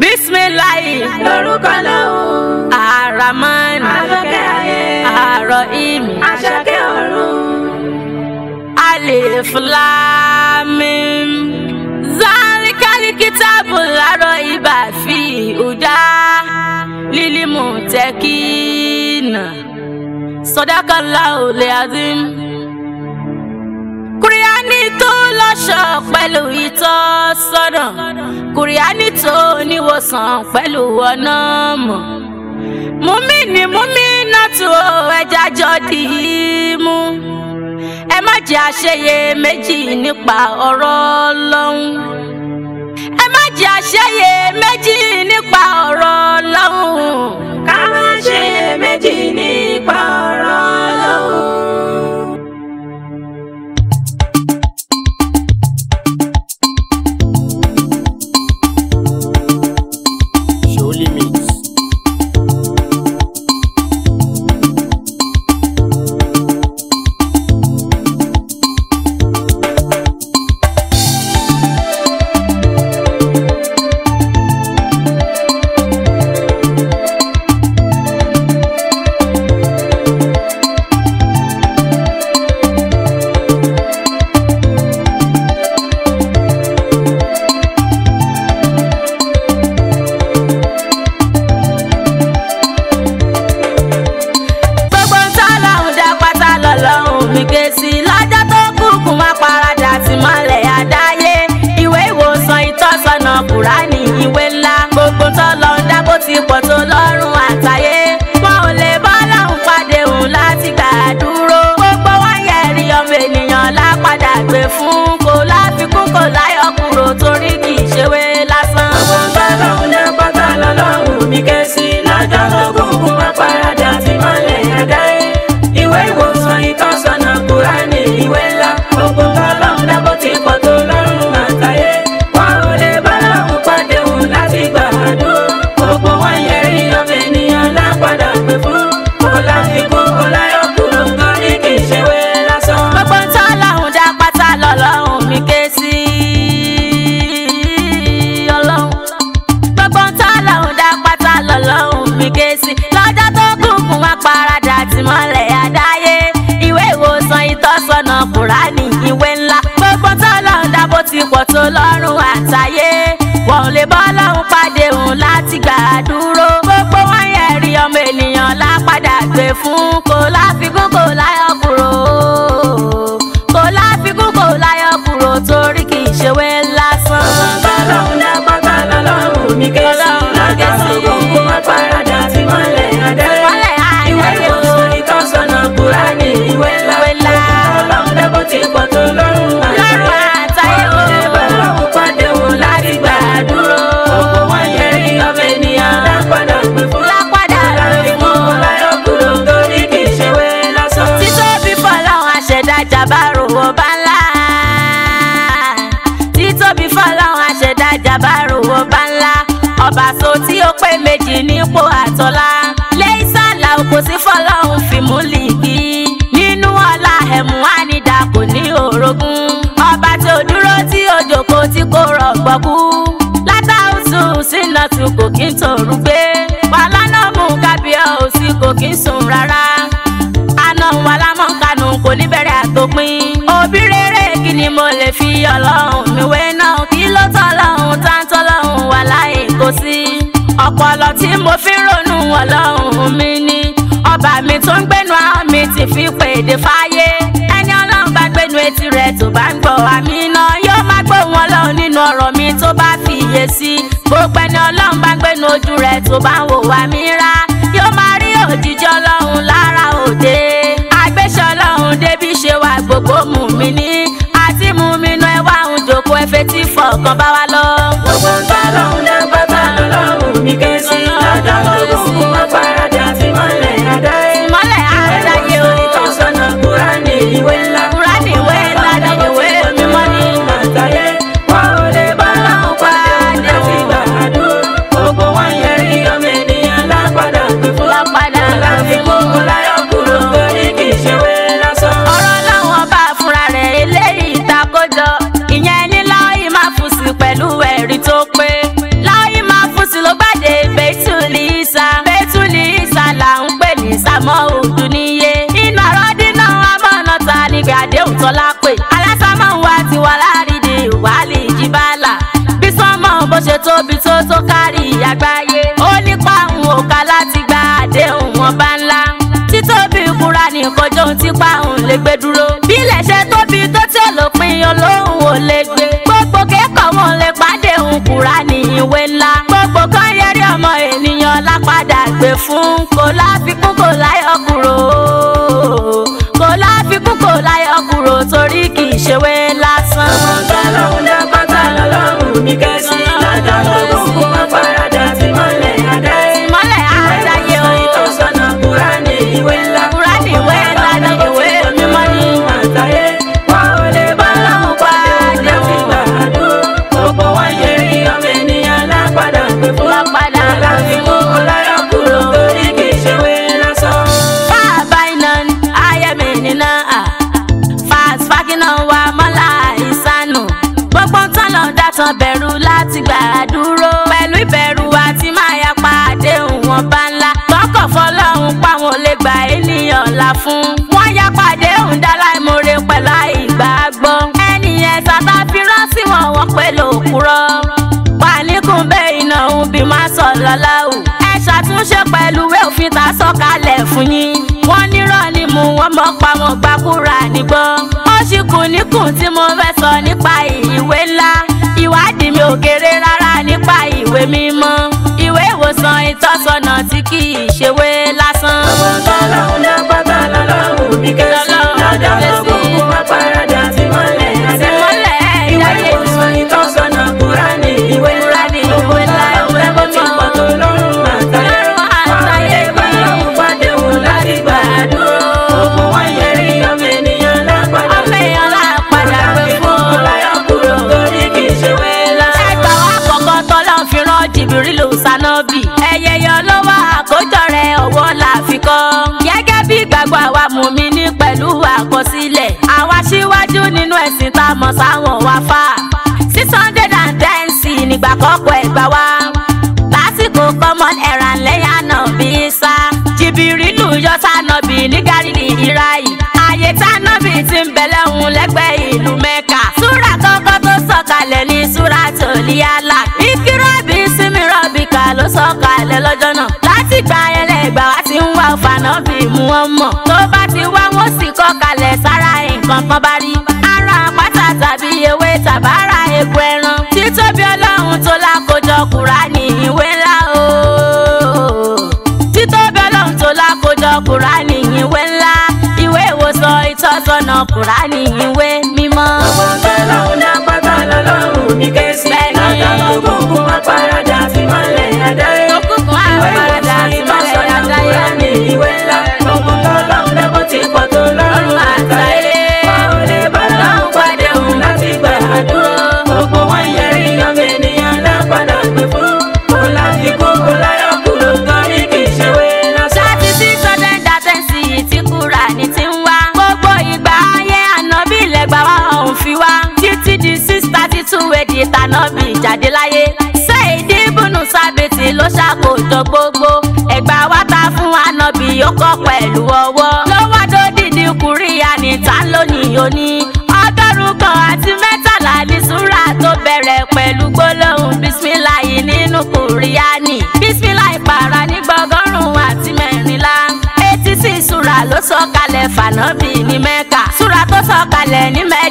bisimilayi lórúkọ lóhùn araman àjọkẹ́ ayé àrọ ìmì àṣàkẹ́ ọ̀run alif lamim zalikali kitabu larọ ibà fi ìhùdá lílimu tẹkínà sọdákàlá olè azim kúrẹ́ánì tó lọ́ṣọ̀ pẹ̀lú ìtọ́sọ́nà kùrìánì tó níwòsàn pẹ̀lú ọ̀nà mọ̀ Mumi ni mumi náà tó ẹja jọ dì í mú ẹ má jẹ́ àṣeyẹ méjì nípa ọ̀rọ̀ ọlọ́run ẹ má jẹ́ àṣeyẹ méjì nípa ọ̀rọ̀ ọlọ́run ká má ṣeyẹ méjì nípa ọ̀rọ̀. gbọ̀kú látàùsù sínà tù kò kí n tòrú gbé wàhálà náà mú kábíyà òsì kò kí n sùn rárá àná wàhálà mọ́ kánú kò ní bẹ̀rẹ̀ àtòpin òbí rere kí ni mo lè fi ọlọ́run mi wé náà kí ló tọ́ lọ́hùn táńtọ́ lọ́hùn wà láì kó sí ọpọlọ tí mo fi ronú ọlọ́run mi ni ọba mi tó ń gbénu àmì ti fi pèdè fáyé ẹni ọlọ́run bá gbénu etí rẹ̀ tó bá ń gbọ́ àmì. gbogbo ẹni ọlọ́run bá gbénu ojú rẹ̀ tó bá wò wá mí rá yóò máa rí òjijì ọlọ́run lára òde àgbéṣẹ́ ọlọ́run débí ṣe wà gbogbo mùmíní àti mùmínú ẹ wá òun jòkó ẹ fetí fọkàn bá wa lọ. sọlá pé alásámọ̀ wa ti wà láàrídì wàhálì ìjìbálà bí sọ́mọ̀ bó ṣe tóbi tó tó kárí àgbáyé ó nípa òun òkà láti gba àdéhùn wọn bá ńlá títóbi kúra ní ìkọjọ́ ohun tipa òun lè gbé dúró bí ilẹ̀ ṣe tóbi tó tí olópin olóhùn ò lè gbé gbogbo kẹ́kọ̀ọ́ wọn lè pàdé òun kúra ní ìwé ńlá gbogbo kan yẹrí ọmọ ènìyàn lápadà gbé fún kò láfikún kò láyọ̀. ṣe wé ò kéré rárá nípa ìwé mímọ́ ìwé ìwòsàn ìtọ́sọ́nà tí kì í mọ̀ sáwọn wá fà six hundred and ten sí nígbà kọ́kọ́ ẹgbà wá lásìkò common era lẹ́yìn àná bí sá jìbìrì lù yọ sànàbì ní gàrídì ìráyì ààyè tànàbì ti ń bẹ̀lẹ̀ òun lẹ́gbẹ̀ẹ́ ìlú mẹ́ka súrà kọ́kọ́ tó sọ̀kalẹ̀ ní súrà tòlí àlà ìkírọ̀bì sími rọ̀bìkà ló sọ̀kalẹ̀ lọ́jọ́ náà látìgbà yẹn lẹ́gbàá wá ti ń wá òfànàbì mú wọn tó bá ti wá wọn sì kọ́ sára nǹkan kan bá rí bàbá ra epo ẹran títóbi ọlọ́run tó lákòjọ Kùránì ìwé ńlá o títóbi ọlọ́run tó lákòjọ Kùránì ìwé ńlá ìwé ìwòsàn ìtọ́sọ́nà Kùránì ìwé. àgùntàn gbogbo ẹ̀gbà wa ta fún ànábì ó kọ́ pẹ̀lú ọwọ́ ló wá dódì ní kùrìyà níta lónìí òní ọgọ́rùn kan àti mẹ́tàlá ní súrà tó bẹ̀rẹ̀ pẹ̀lú gbólóhùn bísíláì nínú kùrìyà ni bísíláì pààrà ní gbọgọ́rùn àti mẹ́rìnlá eighty six súrà ló sọ̀kalẹ̀ fànábì ní mẹ́kà súrà tó sọ̀kalẹ̀ ní mẹ́kà.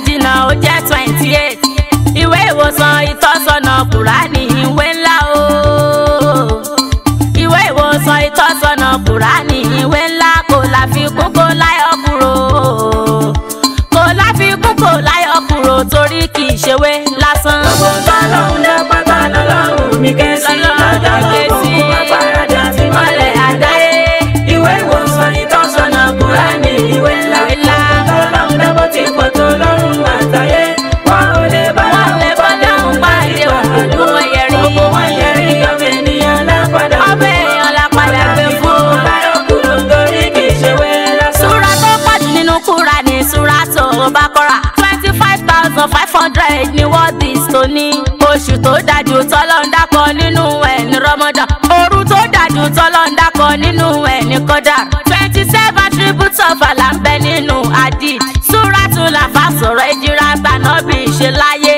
hundred ni wọ́ọ̀dìs tó ní oṣù tó dájú tọ́lọ́ ń dákọ nínú ẹ̀ ní rọmọdán òru tó dájú tọ́lọ́ ń dákọ nínú ẹ̀ ní kọ́dà twenty seven tribute of alambẹ nínú adi suratul afa sọ̀rọ̀ ìdíra gbanábì ṣe láyé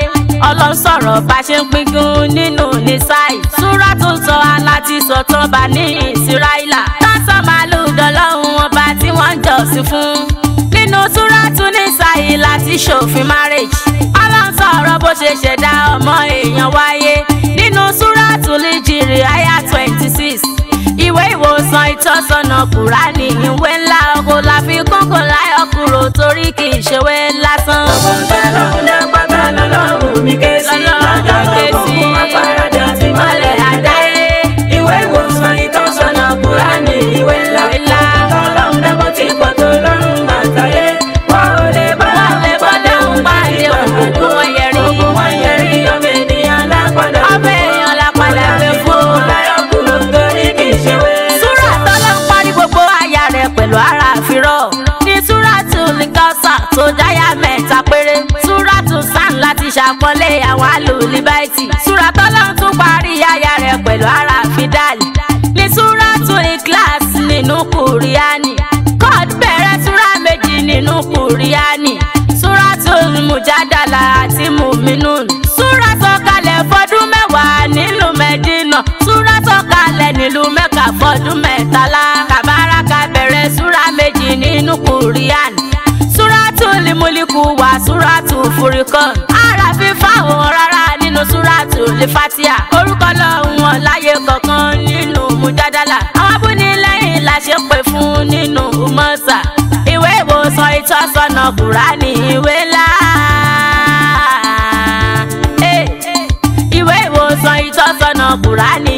ọlọ́sọ̀rọ̀ bá ṣe ń pínpín nínú nísàì suratul sọ aláti sọ̀tàn bá ní ìsíráìlà tọ́sán màálù dọ́lọ́hún ọba tí wọ́n ń jọ́sìn fún òfin láti ṣòfin marriage ọlọ́run sọ̀rọ̀ bó ṣe ṣẹ̀dá ọmọ èèyàn wáyé nínú súrátùlì jìrì àyà twenty six ìwé ìwòsàn ìtọ́sọ́nà kùránì ìwé ńlá ọkọ̀ làfikún kò láyọ̀ kúrò torí kì í ṣèwé wọlé àwọn alùlíbáìtì súra tọ́lọ́ tún parí aya rẹ̀ pẹ̀lú ara fidali ní súra tún ikilas nínú kùrìánì kọ́ọ̀dù bẹ̀rẹ̀ súra méjì nínú kùrìánì súra tún mùjádàlà àti mùmínún súra sọ̀kalẹ̀ fọdún mẹ́wàá nílùú mẹ́dínà súra sọ̀kalẹ̀ nílùú mẹ́ka fọdún mẹ́tàlá kàbáraka bẹ̀rẹ̀ súra méjì nínú kùrìánì súra tún limuliku wà súra tún furikọ́ọ̀nù lè fatia orúkọ lọ́hùn wọn láyé kọ̀ọ̀kan nínú mujadala àwọn abúnilẹ́yìn la ṣe pè fún nínú mọ́sà ìwé ìwòsàn ìtọ́sọ́nà kùránì ìwé ńlá. ìwé ìwòsàn ìtọ́sọ́nà kùránì.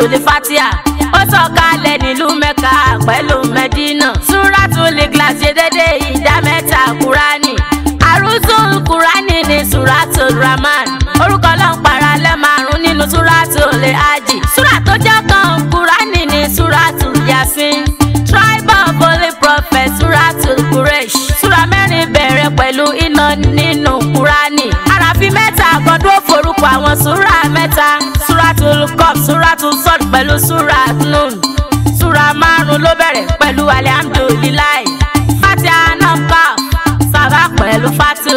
suratul fatia ó sọ̀kalẹ̀ nílùú mẹ́ka pẹ̀lú mẹ́dínà suratul ikhlas ṣe dédé ìdá mẹ́ta kúránì àrùsùn kúránì ní suratul rahman orúkọ ọlọ́run paralẹ́ márùn nínú suratul hajj sura tó jẹ́ kan kúránì ní suratul yasin tribe of holy prophet suratul quraish sura mẹ́rin bẹ̀rẹ̀ pẹ̀lú iná nínú kúránì àràfin mẹ́ta àkọ́dún òforúkọ àwọn sura mẹ́ta súra nun súra márùn ló bẹ̀rẹ̀ pẹ̀lú alihamdulilayi fatia anapa sábà pẹ̀lú fatu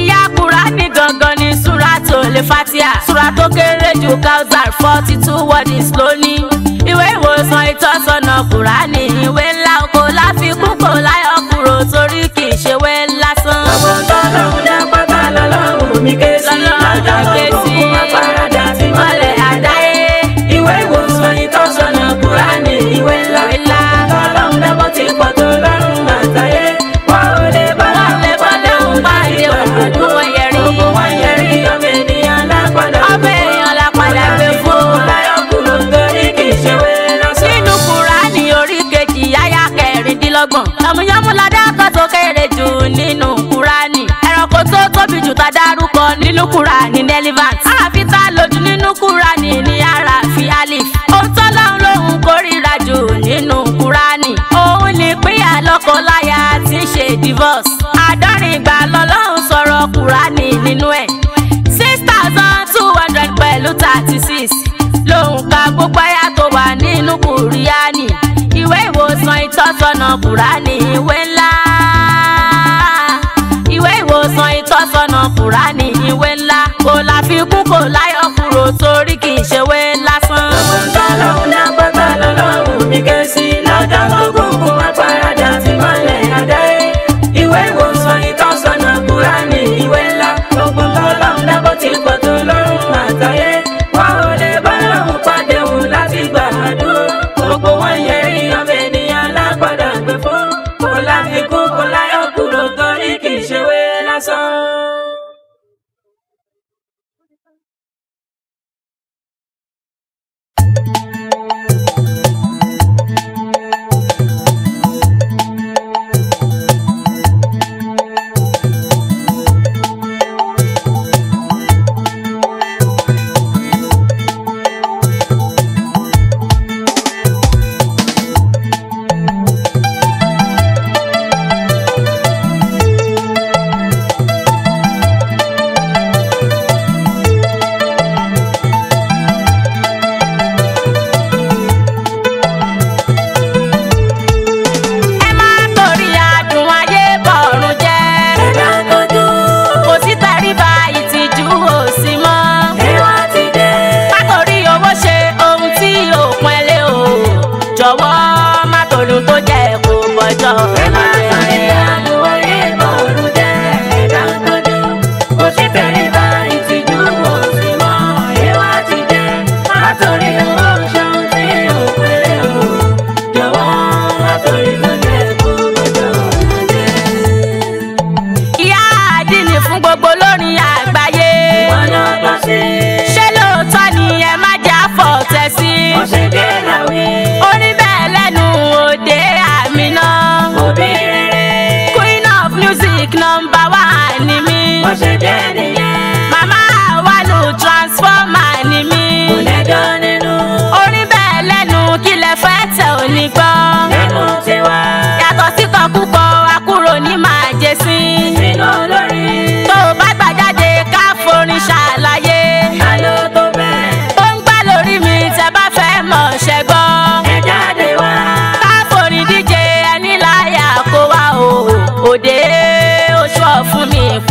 ìyá kura ní gangan ní súra tó lè fatia súra tó kéré ju kausar forty two words lónìí ìwé ìwòsàn ìtọ́sọ́nà kura ní ìwé ńlá. jù tá dárúkọ nínú Kùránì relevant àfi tá lójú nínú Kùránì ní ara fi alif ohun tọ́lọ́run lòun kórìíra jù nínú Kùránì òun ní pínyà lọ́kọláya tí ń ṣe divorce àádọ́rin ìgbà lọ́lọ́run sọ̀rọ̀ Kùránì nínú ẹ̀ six thousand two hundred pẹ̀lú thirty six lòun ka gbogbo ayá tó wà nínú Kùránì ìwé ìwòsàn ìtọ́sọ́nà Kùránì ìwé kùránì ìwé ńlá kò láfikún kò láyọ̀.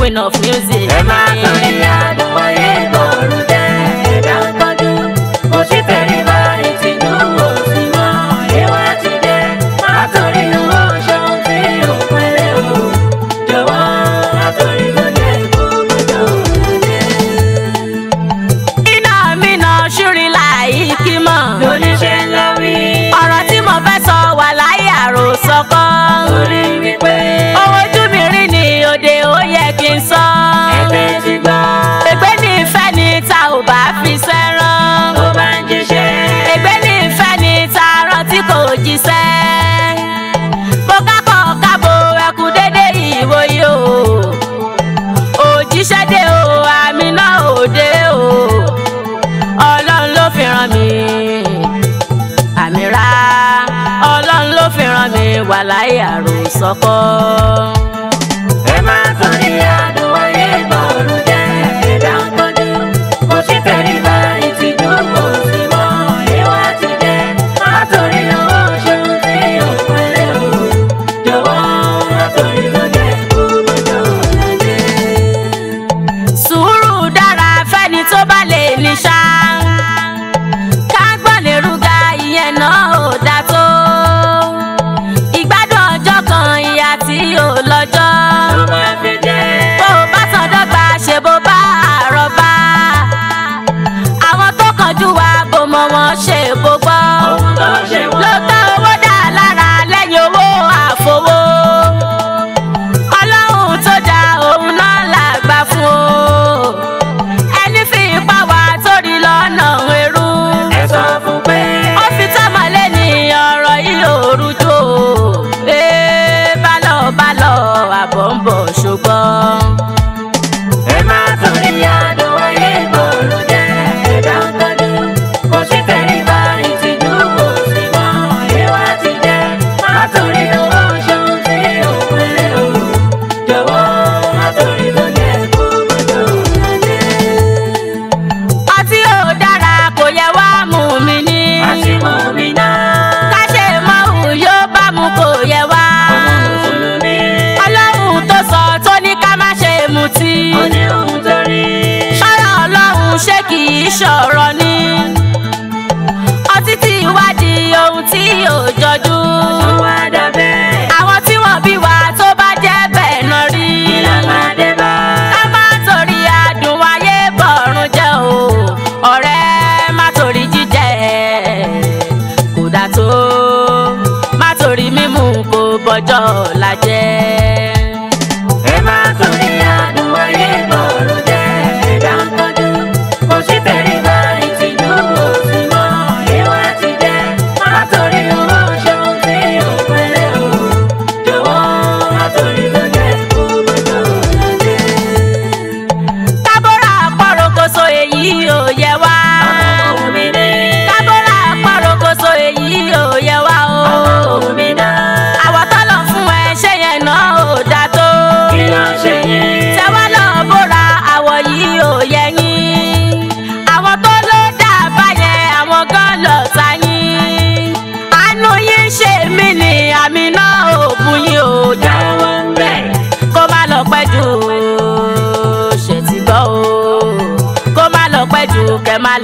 Enough music. Emma, 花。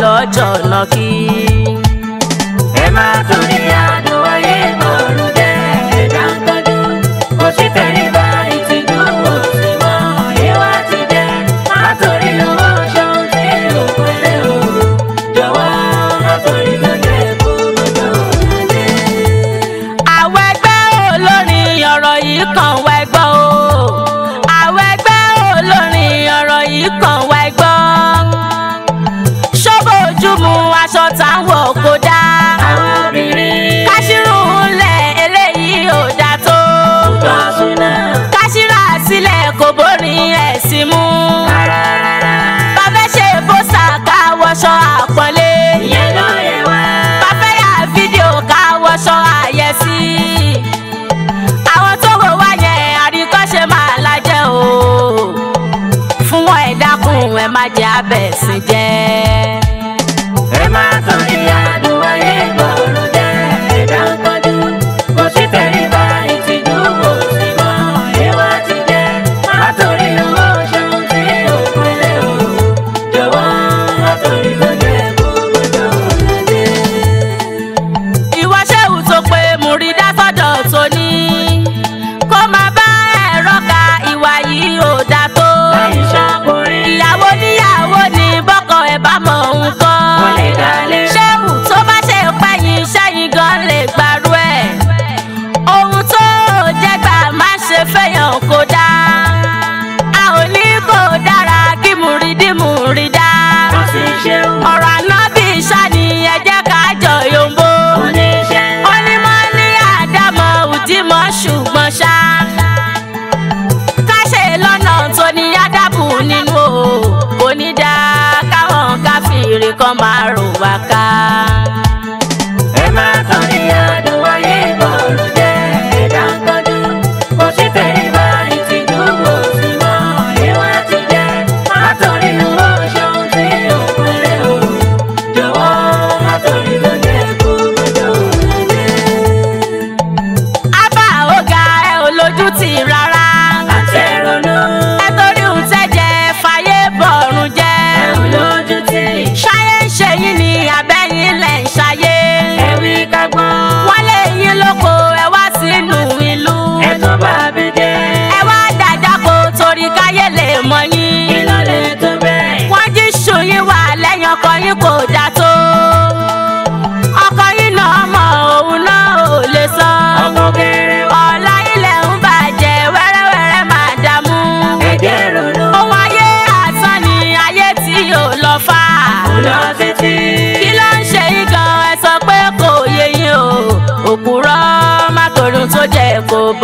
lọ́jọ́ lọ́jọ́. cabeça.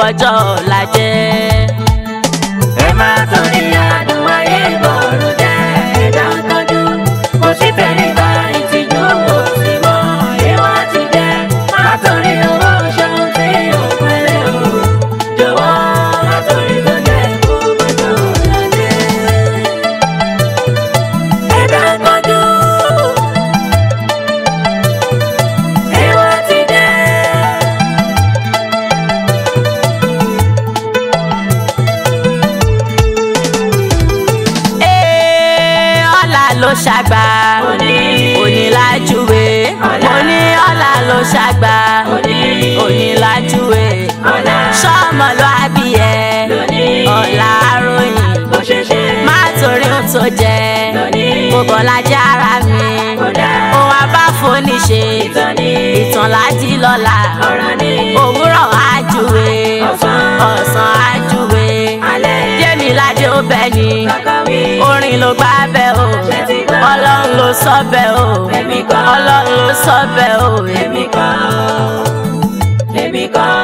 ọjọ́ ọ̀la jẹ́. ẹ má torí àdùn ayé gbòòrò. Bọ́lájí ara mi ó wá bá fóní ṣe ìtàn láti lọ́la òwúrọ̀ ájúwe ọ̀sán ájúwe Jẹ́miládé ó bẹ̀ ni orin ló gbá bẹ́ o ọlọ́run ló sọ bẹ́ o ọlọ́run ló sọ bẹ́ o èmi kọ́ èmi kọ́.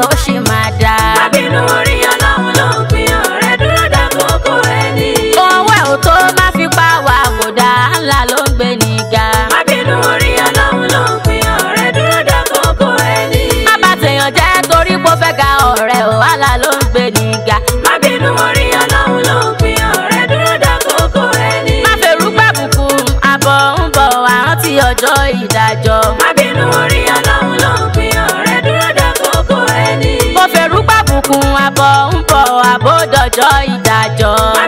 Motion. ń bọ̀ ń bọ̀ àbódọ̀jọ́ ìdájọ́.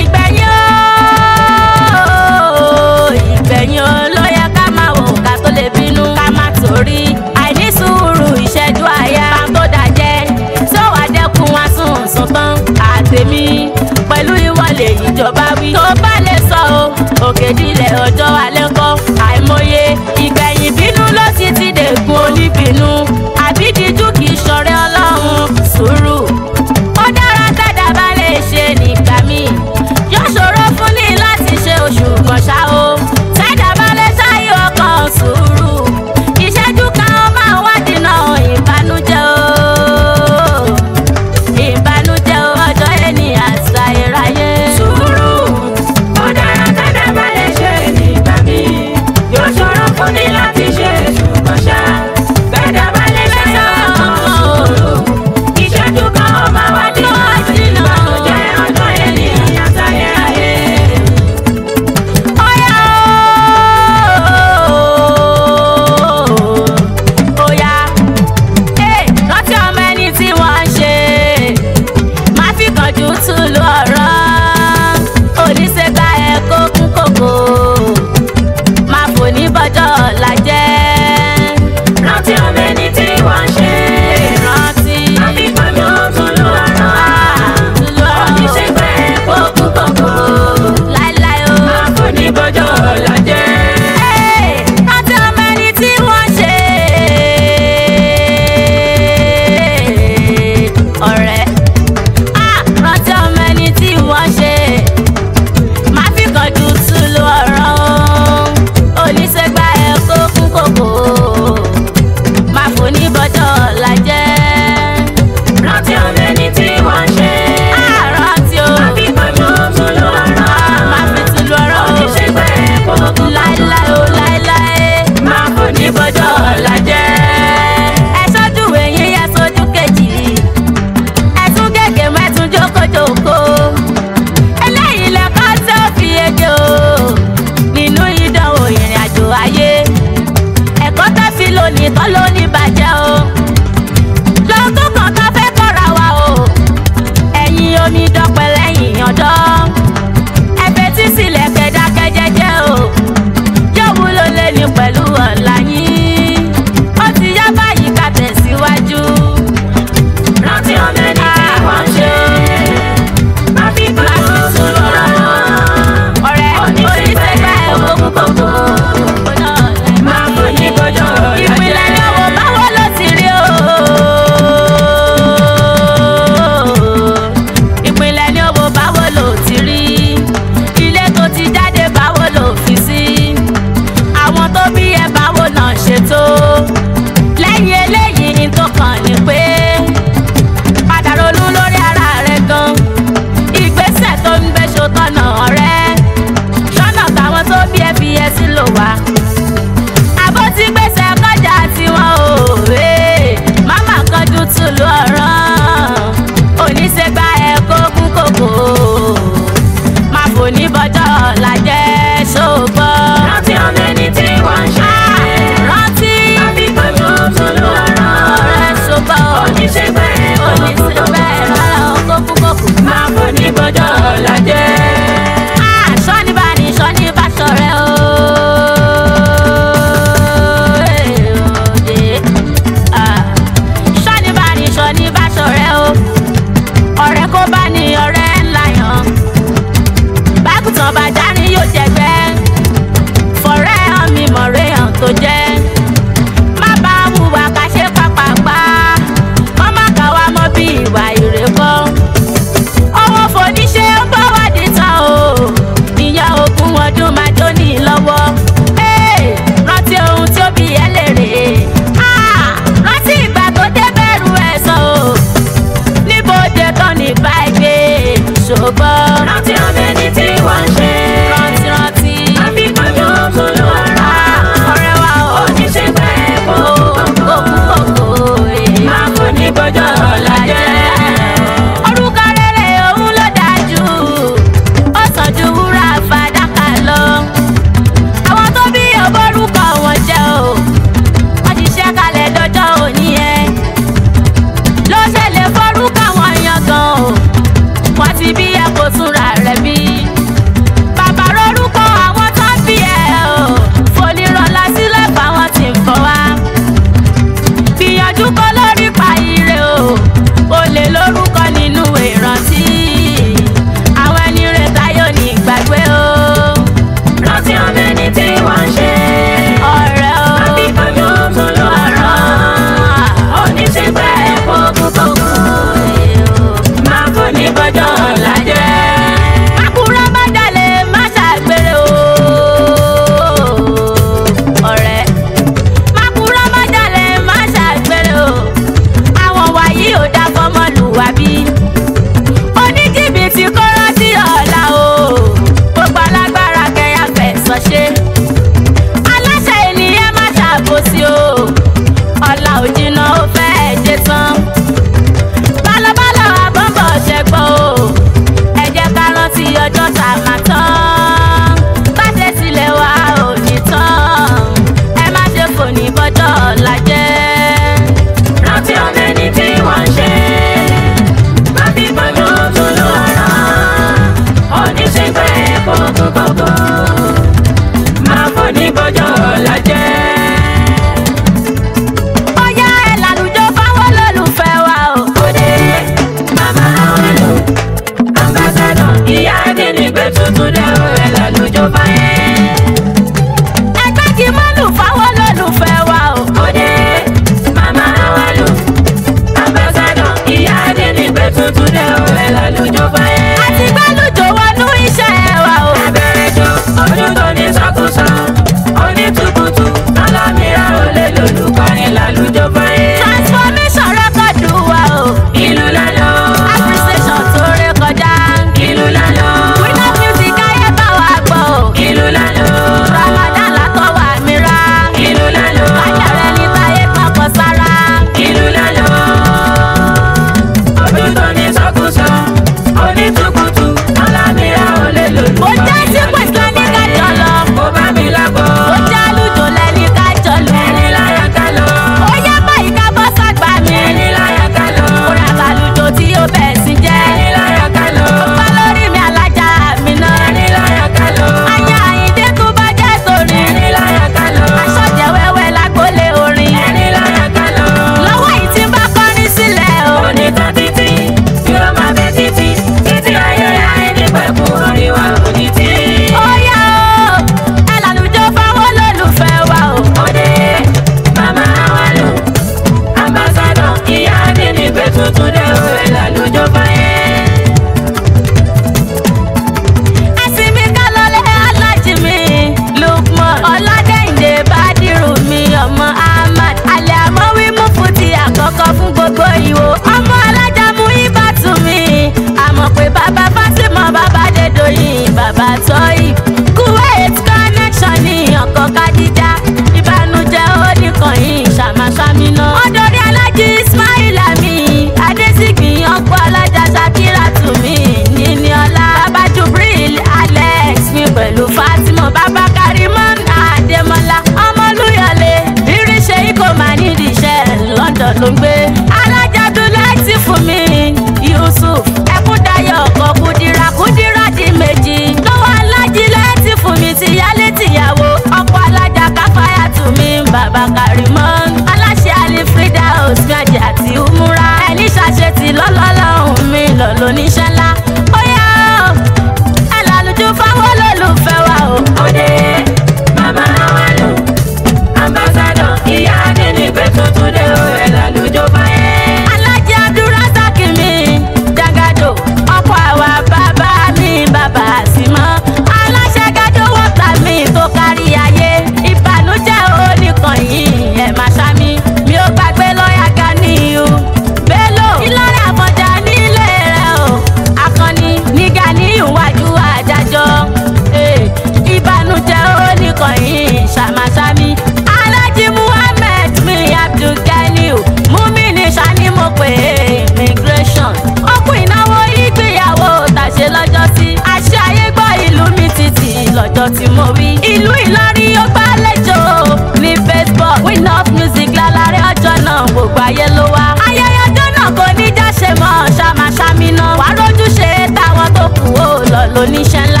lóníṣẹ́ ńlá.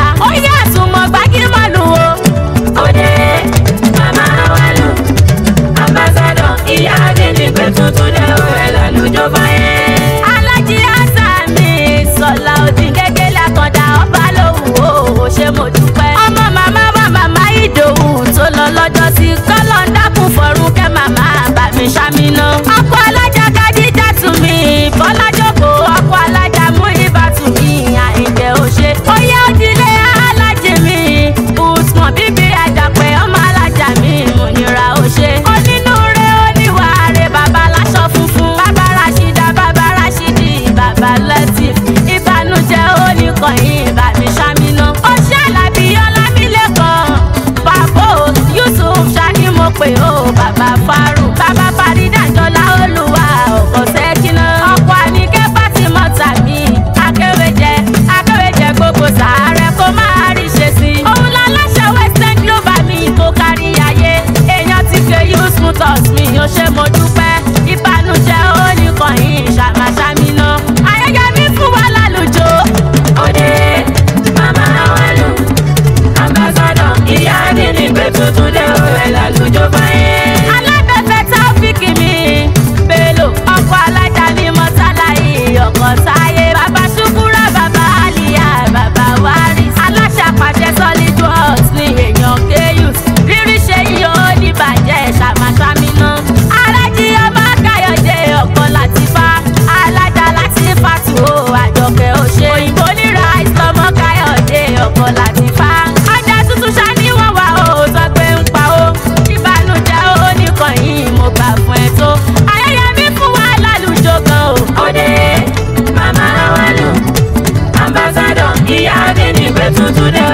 Mutuna